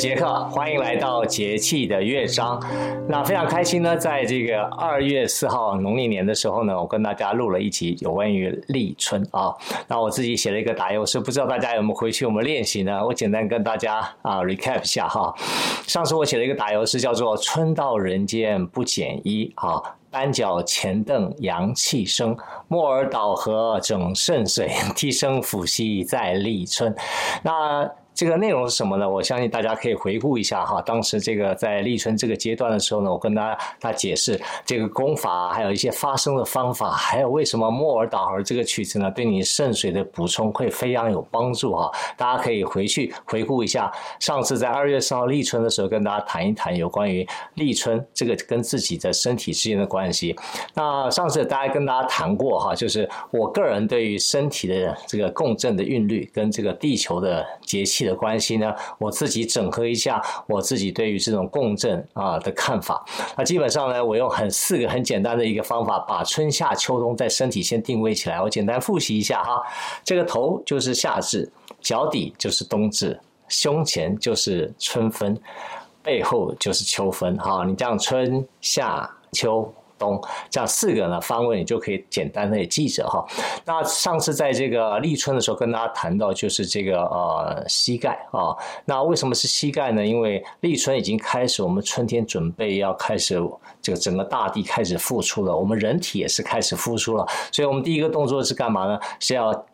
杰克，歡迎來到節氣的樂章。那非常開心呢，在這個二月四號農曆年的時候呢，我跟大家錄了一集有關於立春啊、哦。那我自己寫了一個打油詩，不知道大家有沒有回去我們練習呢？我簡單跟大家啊 recap 一下哈。上次我寫了一個打油詩，叫做“春到人間不減衣”，啊，單腳前蹬陽氣生，木耳倒河整腎水，提升腹息在立春。那這個內容是什麼呢？我相信大家可以回顧一下哈，當時這個在立春這個階段的時候呢，我跟大家解釋這個功法，還有一些發聲的方法，還有為什麼《莫爾道河》這個曲子呢，對你腎水的補充會非常有幫助哈。大家可以回去回顧一下上次在二月四號立春的時候，跟大家談一談有關於立春這個跟自己的身體之間的關係。那上次大家跟大家談過哈，就是我個人對於身體的這個共振的韻律跟這個地球的節氣的的關係呢？我自己整合一下我自己對於這種共振啊的看法。那、啊、基本上呢，我用很四個很簡單的一個方法，把春夏秋冬在身體先定位起來。我簡單複習一下哈，這個頭就是夏至，腳底就是冬至，胸前就是春分，背後就是秋分。好、啊，你這樣春夏秋。東，這樣四個呢方位你就可以簡單的記着哈。那上次在這個立春的時候跟大家談到，就是這個呃膝蓋啊。那為什麼是膝蓋呢？因為立春已經開始，我們春天準備要開始，這個整個大地開始復甦了，我們人體也是開始復甦了。所以我們第一個動作是幹嘛呢？是要。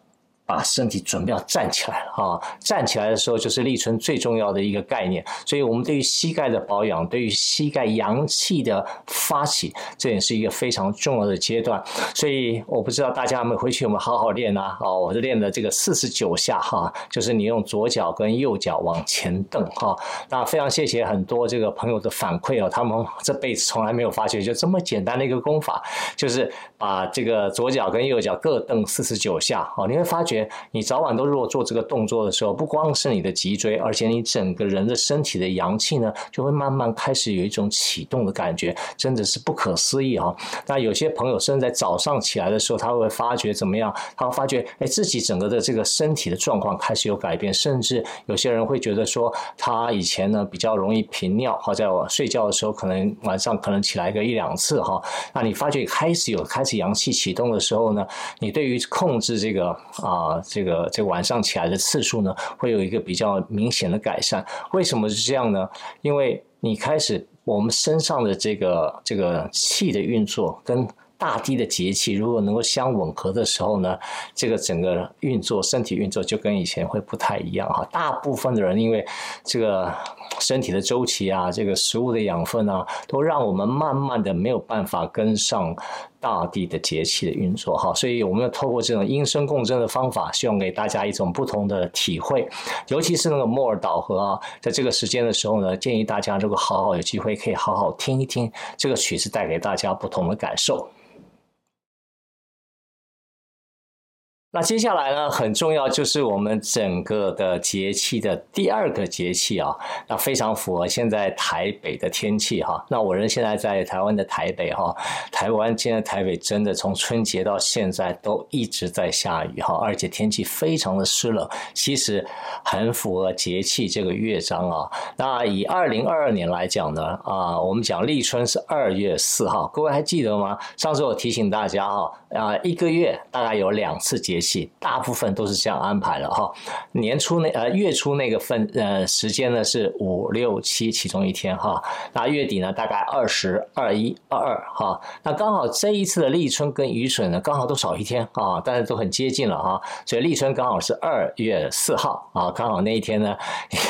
把身體準備要站起來了啊！站起來的時候就是立春最重要的一個概念，所以我們對於膝蓋的保養，對於膝蓋陽氣的發起，這也是一個非常重要的階段。所以我不知道大家有沒有回去，有沒有好好練啊！哦、啊，我就練了這個四十九下哈、啊，就是你用左腳跟右腳往前蹬哈、啊。那非常謝謝很多這個朋友的反饋啊，他們這輩子從來沒有發覺，就這麼簡單的一個功法就是。把這個左腳跟右腳各蹬四十九下哦，你會發覺，你早晚都如果做這個動作的時候，不光是你的脊椎，而且你整個人的身體的陽氣呢，就會慢慢開始有一種啟動的感覺，真的是不可思議哈。那有些朋友甚至在早上起來的時候，他會發覺怎麼樣？他會發覺，哎，自己整個的這個身體的狀況開始有改變，甚至有些人會覺得說，他以前呢比較容易頻尿，好在我睡覺的時候可能晚上可能起來個一兩次哈，那你發覺開始有開。陽氣啟動的時候呢，你對於控制這個啊、呃，這個這個、晚上起來的次數呢，會有一個比較明顯的改善。為什麼是這樣呢？因為你開始我們身上的這個這個氣的運作，跟大地的節氣如果能夠相吻合的時候呢，這個整個運作身體運作就跟以前會不太一樣哈。大部分的人因為這個身體的周期啊，這個食物的養分啊，都讓我們慢慢的沒有辦法跟上。大地的節氣的運作哈，所以我們要透過這種音聲共振的方法，希望給大家一種不同的體會。尤其是那個莫爾道河啊，在這個時間的時候呢，建議大家如果好好有機會，可以好好聽一聽這個曲子，帶給大家不同的感受。那接下來呢，很重要就是我們整個的節氣的第二個節氣啊，那非常符合現在台北的天氣哈、啊。那我人現在在台灣的台北哈、啊，台灣現在台北真的從春節到現在都一直在下雨哈、啊，而且天氣非常的濕冷，其實很符合節氣這個樂章啊。那以二零二二年來講呢啊、呃，我們講立春是二月四號，各位還記得嗎？上次我提醒大家哈啊、呃，一個月大概有兩次節氣。大部分都是這樣安排的哈，年初那呃月初那個份呃時間呢是五六七其中一天哈，那、啊、月底呢大概二十二一二二哈、啊，那剛好這一次的立春跟雨水呢剛好都少一天啊，但是都很接近了哈、啊，所以立春剛好是二月四號啊，剛好那一天呢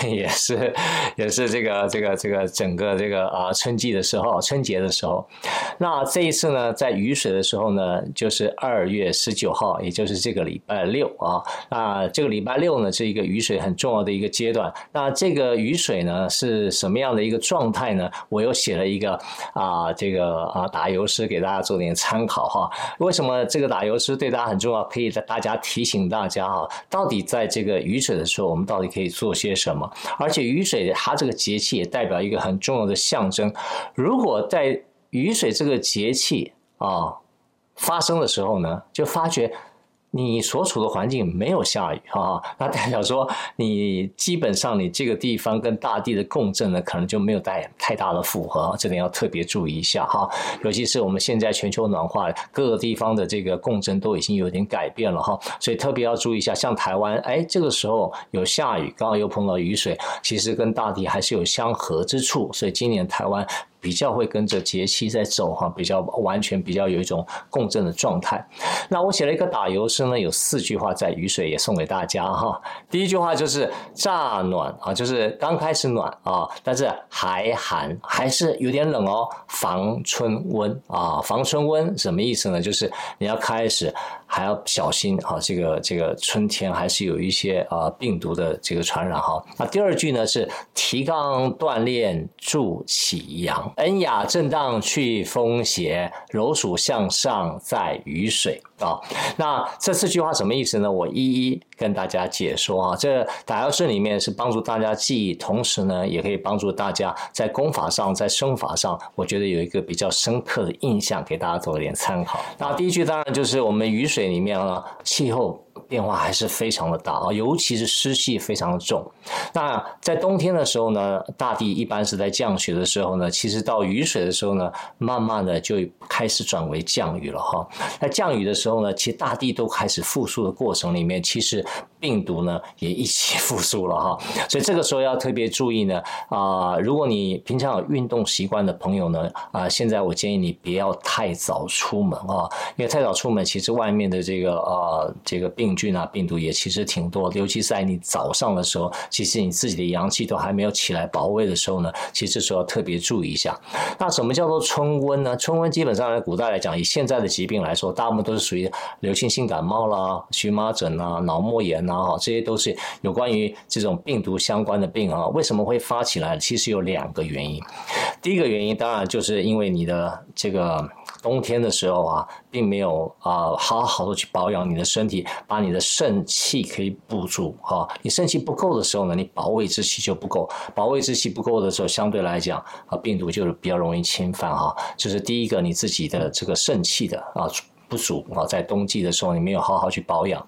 也是也是這個這個這個整個這個啊春季的時候春節的時候，那這一次呢在雨水的時候呢就是二月十九號，也就是這個。禮拜六啊，那、啊、這個禮拜六呢是一個雨水很重要的一個階段。那這個雨水呢是什麼樣的一個狀態呢？我又寫了一個啊，這個啊打油詩給大家做點參考哈。為什麼這個打油詩對大家很重要？可以在大家提醒大家哈，到底在這個雨水的時候，我們到底可以做些什麼？而且雨水它這個節氣也代表一個很重要的象徵。如果在雨水這個節氣啊發生的時候呢，就發覺。你所處的環境沒有下雨啊，那代表說，你基本上你這個地方跟大地的共振呢，可能就沒有帶太大的負荷，這點要特別注意一下哈。尤其是我們現在全球暖化，各個地方的這個共振都已經有點改變了哈，所以特別要注意一下。像台灣，哎，這個時候有下雨，剛好又碰到雨水，其實跟大地還是有相合之處，所以今年台灣。比較會跟着節氣在走哈，比較完全，比較有一種共振的狀態。那我寫了一個打油詩呢，有四句話在雨水也送給大家哈。第一句話就是乍暖啊，就是剛開始暖啊，但是還寒，還是有點冷哦。防春瘟啊，防春瘟什麼意思呢？就是你要開始。還要小心哈、哦，這個這個春天還是有一些啊、呃、病毒的這個傳染哈。那、哦啊、第二句呢是提肛鍛鍊助啟陽，恩雅振盪去風邪，揉鼠向上在雨水。啊，oh, 那這四句話什麼意思呢？我一一跟大家解說啊。這打油詩裡面是幫助大家記憶，同時呢，也可以幫助大家在功法上、在身法上，我覺得有一個比較深刻的印象，給大家做一點參考。Oh. 那第一句當然就是我們雨水裡面啊，氣候。變化還是非常的大啊，尤其是濕氣非常的重。那在冬天的時候呢，大地一般是在降雪的時候呢，其實到雨水的時候呢，慢慢的就開始轉為降雨了哈。那降雨的時候呢，其實大地都開始復甦的過程裡面，其實。病毒呢也一起復蘇了哈，所以這個時候要特別注意呢啊、呃！如果你平常有運動習慣的朋友呢啊、呃，現在我建議你不要太早出門啊、呃，因為太早出門，其實外面的這個啊、呃、這個病菌啊病毒也其實挺多，尤其在你早上的時候，其實你自己的陽氣都還沒有起來保衛的時候呢，其實這時候要特別注意一下。那什麼叫做春瘟呢？春瘟基本上在古代來講，以現在的疾病來說，大部分都是屬於流行性感冒啦、蕁麻疹啊、腦膜炎。然後這些都是有關於這種病毒相關的病啊，為什麼會發起來？其實有兩個原因。第一個原因當然就是因為你的這個冬天的時候啊，並沒有啊好好的去保養你的身體，把你的腎氣可以補足啊。你腎氣不夠的時候呢，你保衛之氣就不夠，保衛之氣不夠的時候，相對來講啊，病毒就是比較容易侵犯哈。這、啊就是第一個，你自己的這個腎氣的啊不足啊，在冬季的時候你沒有好好去保養。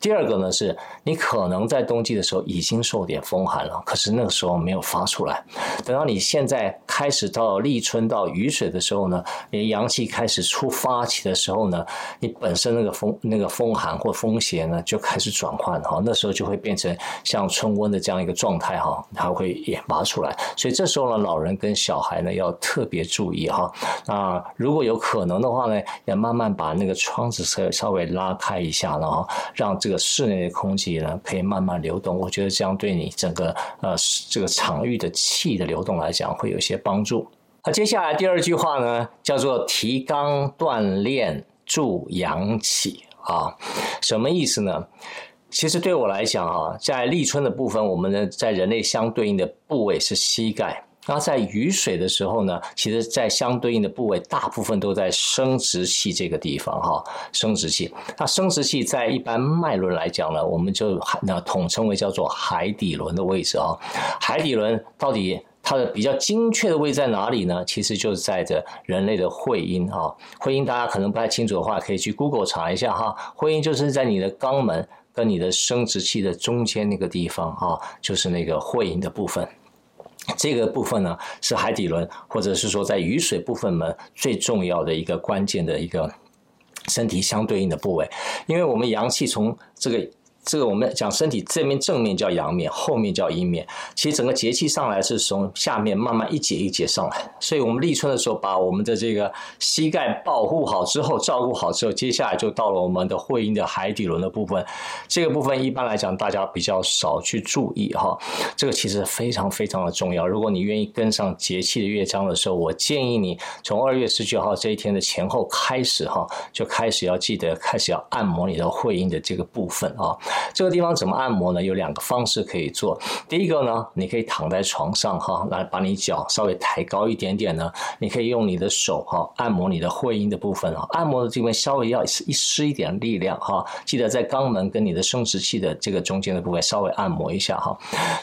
第二個呢，是你可能在冬季的時候已經受點風寒了，可是那個時候沒有發出來。等到你現在開始到立春到雨水的時候呢，你陽氣開始出發起的時候呢，你本身那個風那個風寒或風邪呢就開始轉換哈，那時候就會變成像春瘟的這樣一個狀態哈，它會演發出來。所以這時候呢，老人跟小孩呢要特別注意哈。那如果有可能的話呢，也慢慢把那個窗子稍稍微拉開一下了哈，然後讓這個。這個室內的空氣呢，可以慢慢流動。我覺得這樣對你整個呃這個場域的氣的流動來講，會有一些幫助。那、啊、接下來第二句話呢，叫做提肛鍛鍊助陽氣啊，什麼意思呢？其實對我來講啊，在立春的部分，我們呢在人類相對應的部位是膝蓋。那在雨水的時候呢，其實，在相對應的部位，大部分都在生殖器這個地方哈，生殖器。那生殖器在一般脈輪來講呢，我們就那統稱為叫做海底輪的位置啊。海底輪到底它的比較精確的位置在哪裡呢？其實就是在着人類的會陰啊。會陰大家可能不太清楚的話，可以去 Google 查一下哈。會陰就是在你的肛門跟你的生殖器的中間那個地方啊，就是那個會陰的部分。這個部分呢，是海底輪，或者是說在雨水部分呢，最重要的一個關鍵的一個身體相對應的部位，因為我們陽氣從這個。這個我們講身體這邊正面叫陽面，後面叫陰面。其實整個節氣上來是從下面慢慢一節一節上來，所以我們立春的時候把我們的這個膝蓋保護好之後，照顧好之後，接下來就到了我們的會陰的海底輪的部分。這個部分一般來講大家比較少去注意哈，這個其實非常非常的重要。如果你願意跟上節氣的樂章的時候，我建議你從二月十九號這一天的前後開始哈，就開始要記得開始要按摩你的會陰的這個部分啊。這個地方怎麼按摩呢？有兩個方式可以做。第一個呢，你可以躺在床上哈，來把你腳稍微抬高一點點呢。你可以用你的手哈，按摩你的會陰的部分哈，按摩的這邊稍微要施一施一點力量哈。記得在肛門跟你的生殖器的這個中間的部位稍微按摩一下哈。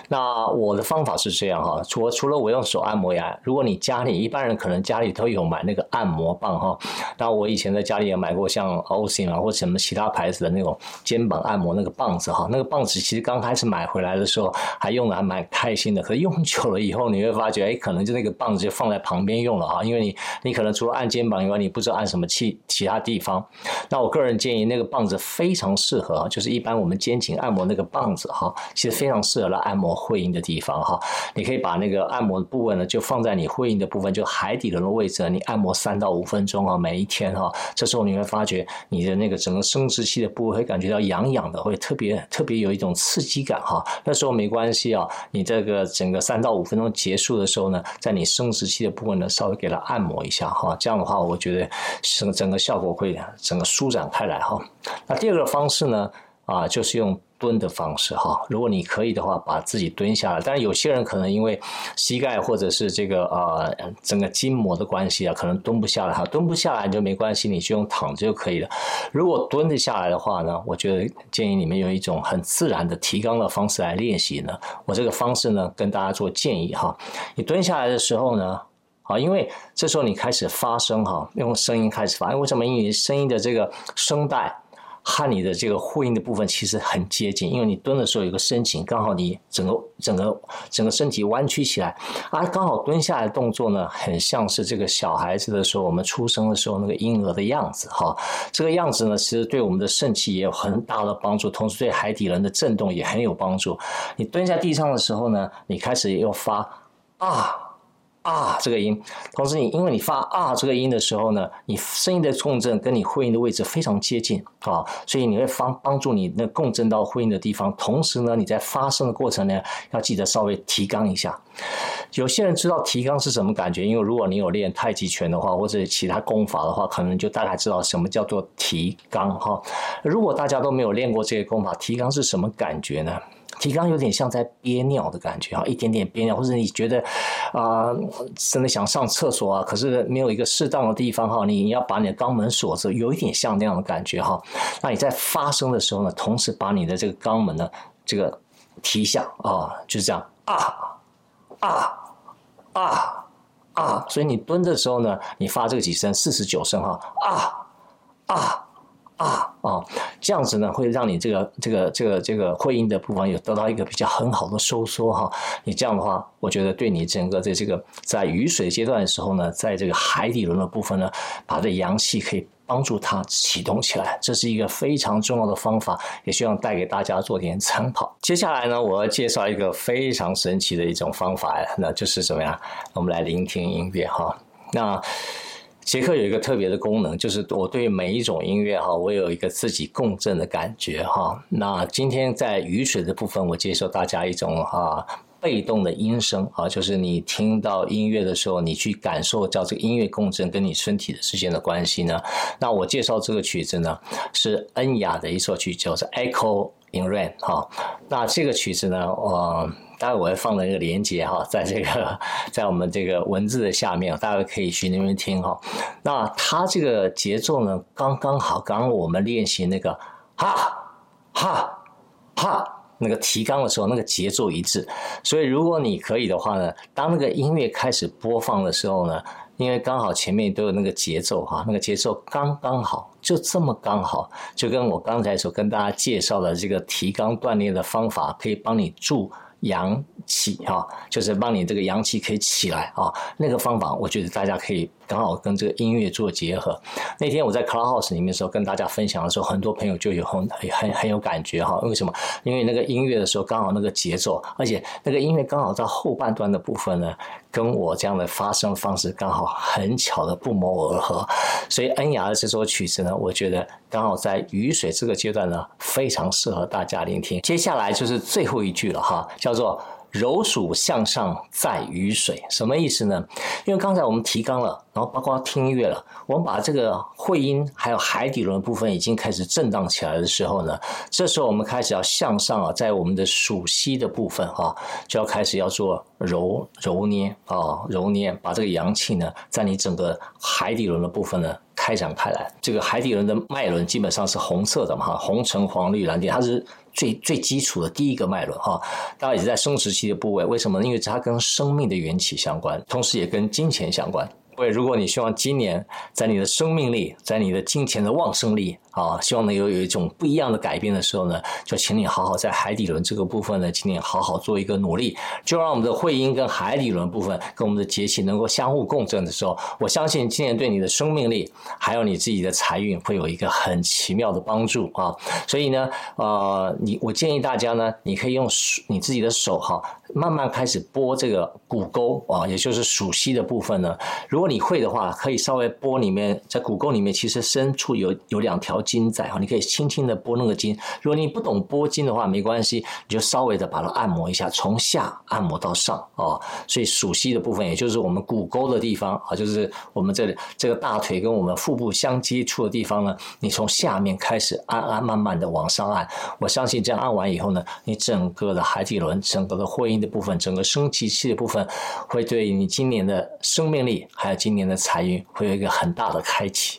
那我的方法是這樣哈，除除了我用手按摩呀，如果你家裡一般人可能家裡都有買那個按摩棒哈，那我以前在家裡也買過像 OSIM 啊或者什麼其他牌子的那種肩膀按摩那個。棒子哈，那個棒子其實剛開始買回來的時候還用的還蠻開心的，可是用久了以後，你會發覺哎，可能就那個棒子就放在旁邊用了哈，因為你你可能除了按肩膀以外，你不知道按什麼其其他地方。那我個人建議，那個棒子非常適合，就是一般我們肩頸按摩那個棒子哈，其實非常適合來按摩會陰的地方哈。你可以把那個按摩的部位呢，就放在你會陰的部分，就海底輪的位置，你按摩三到五分鐘啊，每一天哈，這時候你會發覺你的那個整個生殖器的部位會感覺到癢癢的，會。特別特別有一種刺激感哈，那時候沒關係啊，你這個整個三到五分鐘結束的時候呢，在你生殖器的部分呢，稍微給它按摩一下哈，這樣的話，我覺得整整個效果會整個舒展開來哈。那第二個方式呢？啊，就是用蹲的方式哈。如果你可以的話，把自己蹲下來。但是有些人可能因為膝蓋或者是這個啊、呃，整個筋膜的關係啊，可能蹲不下來哈。蹲不下來就沒關係，你就用躺着就可以了。如果蹲得下來的話呢，我覺得建議你們有一種很自然的提肛的方式來練習呢。我這個方式呢，跟大家做建議哈。你蹲下來的時候呢，啊，因為這時候你開始發聲哈，用聲音開始發。為什麼？因為你聲音的這個聲帶。和你的這個呼應的部分其實很接近，因為你蹲的時候有個身型，剛好你整個整個整個身體彎曲起來，啊，剛好蹲下來的動作呢，很像是這個小孩子的時候，我們出生的時候那個嬰兒的樣子哈。這個樣子呢，其實對我們的腎氣也有很大的幫助，同時對海底輪的震動也很有幫助。你蹲下地上的時候呢，你開始要發啊。啊，這個音，同時你因為你發啊這個音的時候呢，你聲音的共振跟你會陰的位置非常接近啊，所以你會幫幫助你那共振到會陰的地方。同時呢，你在發聲的過程呢，要記得稍微提肛一下。有些人知道提肛是什麼感覺，因為如果你有練太極拳的話或者其他功法的話，可能就大概知道什麼叫做提肛哈、啊。如果大家都沒有練過這個功法，提肛是什麼感覺呢？提肛有點像在憋尿的感覺哈，一點點憋尿，或者你覺得啊、呃，真的想上廁所啊，可是沒有一個適當的地方哈，你要把你的肛門鎖住，有一點像那樣的感覺哈。那你在發聲的時候呢，同時把你的這個肛門呢，這個提一下啊、哦，就是這樣啊啊啊啊！所以你蹲的時候呢，你發這個幾聲四十九聲哈啊啊。啊啊啊，這樣子呢，會讓你這個這個這個這個會陰的部分也得到一個比較很好的收縮哈、啊。你這樣的話，我覺得對你整個在這個在雨水階段的時候呢，在這個海底輪的部分呢，把這陽氣可以幫助它啟動起來，這是一個非常重要的方法。也希望帶給大家做點參考。接下來呢，我要介紹一個非常神奇的一種方法呀，那就是怎麼樣？我們來聆聽音樂哈、啊。那。傑克有一個特別的功能，就是我對每一種音樂哈，我有一個自己共振的感覺哈。那今天在雨水的部分，我介紹大家一種被動的音聲啊，就是你聽到音樂的時候，你去感受叫這個音樂共振跟你身體的之間的關係呢。那我介紹這個曲子呢，是恩雅的一首曲，叫做《Echoes in Rain》哈。那這個曲子呢，呃待會我會放一個連接哈，在這個在我們這個文字的下面，大家可以去那邊聽哈。那它這個節奏呢，剛剛好，剛剛我們練習那個哈哈哈那個提肛的時候，那個節奏一致。所以如果你可以的話呢，當那個音樂開始播放的時候呢，因為剛好前面都有那個節奏哈，那個節奏剛剛好，就這麼剛好，就跟我剛才所跟大家介紹的這個提肛鍛鍊的方法，可以幫你助。陽氣哈，就是幫你這個陽氣可以起來啊，那個方法我覺得大家可以。剛好跟這個音樂做結合。那天我在 Clubhouse 裡面的時候，跟大家分享的時候，很多朋友就有很很很有感覺哈。為什麼？因為那個音樂的時候，剛好那個節奏，而且那個音樂剛好在後半段的部分呢，跟我這樣的發聲方式剛好很巧的不謀而合。所以恩雅的這首曲子呢，我覺得剛好在雨水這個階段呢，非常適合大家聆聽。接下來就是最後一句了哈，叫做。揉鼠向上在雨水，什麼意思呢？因為剛才我們提肛了，然後包括聽音樂了，我們把這個會陰還有海底輪部分已經開始震盪起來的時候呢，這時候我們開始要向上啊，在我們的鼠蹊的部分啊，就要開始要做揉揉捏啊揉捏，把這個陽氣呢，在你整個海底輪的部分呢。開展開來，這個海底輪的脈輪基本上是紅色的嘛，哈，紅橙黃綠藍靛，它是最最基礎的第一個脈輪哈。當然也是在生殖器的部位，為什麼呢？因為它跟生命的緣起相關，同時也跟金錢相關。所以，如果你希望今年在你的生命力，在你的金錢的旺盛力。啊，希望能有有一種不一樣的改變的時候呢，就請你好好在海底輪這個部分呢，請你好好做一個努力，就讓我們的會陰跟海底輪部分跟我們的節氣能夠相互共振的時候，我相信今年對你的生命力還有你自己的財運會有一個很奇妙的幫助啊。所以呢，呃，你我建議大家呢，你可以用你自己的手哈、啊，慢慢開始撥這個股溝啊，也就是鼠蹊的部分呢。如果你會的話，可以稍微撥裡面，在股溝裡面其實深處有有兩條。筋在啊，你可以輕輕的撥那個筋。如果你不懂撥筋的話，沒關係，你就稍微的把它按摩一下，從下按摩到上啊、哦，所以鼠蹊的部分，也就是我們股溝的地方啊，就是我們這裡、個、這個大腿跟我們腹部相接觸的地方呢，你從下面開始按按，按，慢慢的往上按。我相信這樣按完以後呢，你整個的海底輪、整個的會陰的部分、整個生殖器的部分，會對你今年的生命力還有今年的財運，會有一個很大的開啟。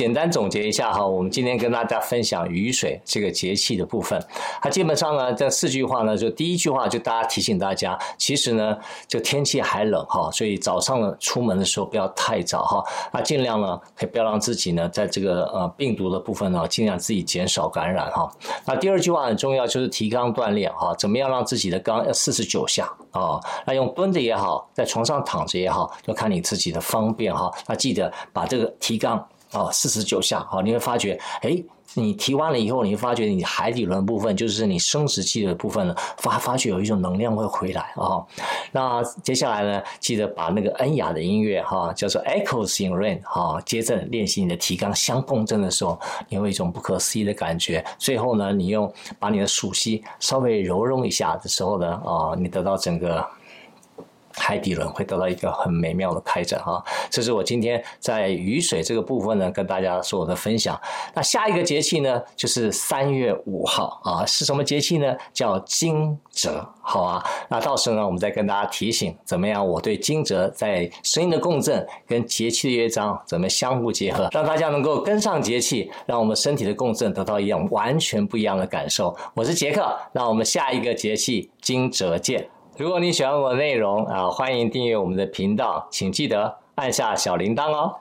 簡單總結一下哈，我們今天跟大家分享雨水這個節氣的部分。那基本上呢，這四句話呢，就第一句話就大家提醒大家，其實呢，就天氣還冷哈，所以早上呢，出門的時候不要太早哈。那盡量呢，可以不要讓自己呢，在這個呃病毒的部分呢，盡量自己減少感染哈。那第二句話很重要，就是提肛鍛鍊哈，怎麼樣讓自己的肛要四十九下啊？那用蹲着也好，在床上躺着也好，要看你自己的方便哈。那記得把這個提肛。哦，四十九下，哈，你會發覺，哎，你提完了以後，你會發覺你海底輪部分，就是你生殖器的部分，呢，發發覺有一種能量會回來啊、哦。那接下來呢，記得把那個恩雅的音樂哈、哦，叫做 Echoes in Rain 哈、哦，接着練習你的提肛，相共振的時候，你會有一種不可思議的感覺。最後呢，你用把你的鼠蹊稍微柔軟一下的時候呢，啊、哦，你得到整個。海底輪會得到一個很美妙的開展啊！這是我今天在雨水這個部分呢，跟大家做的分享。那下一個節氣呢，就是三月五號啊，是什麼節氣呢？叫驚蟄，好啊，那到時候呢，我們再跟大家提醒怎麼樣？我對驚蟄在聲音的共振跟節氣的樂章怎麼相互結合，讓大家能夠跟上節氣，讓我們身體的共振得到一樣完全不一樣的感受。我是傑克，讓我們下一個節氣驚蟄見。如果你喜歡我的內容啊，歡迎訂閱我們的頻道，請記得按下小鈴鐺哦。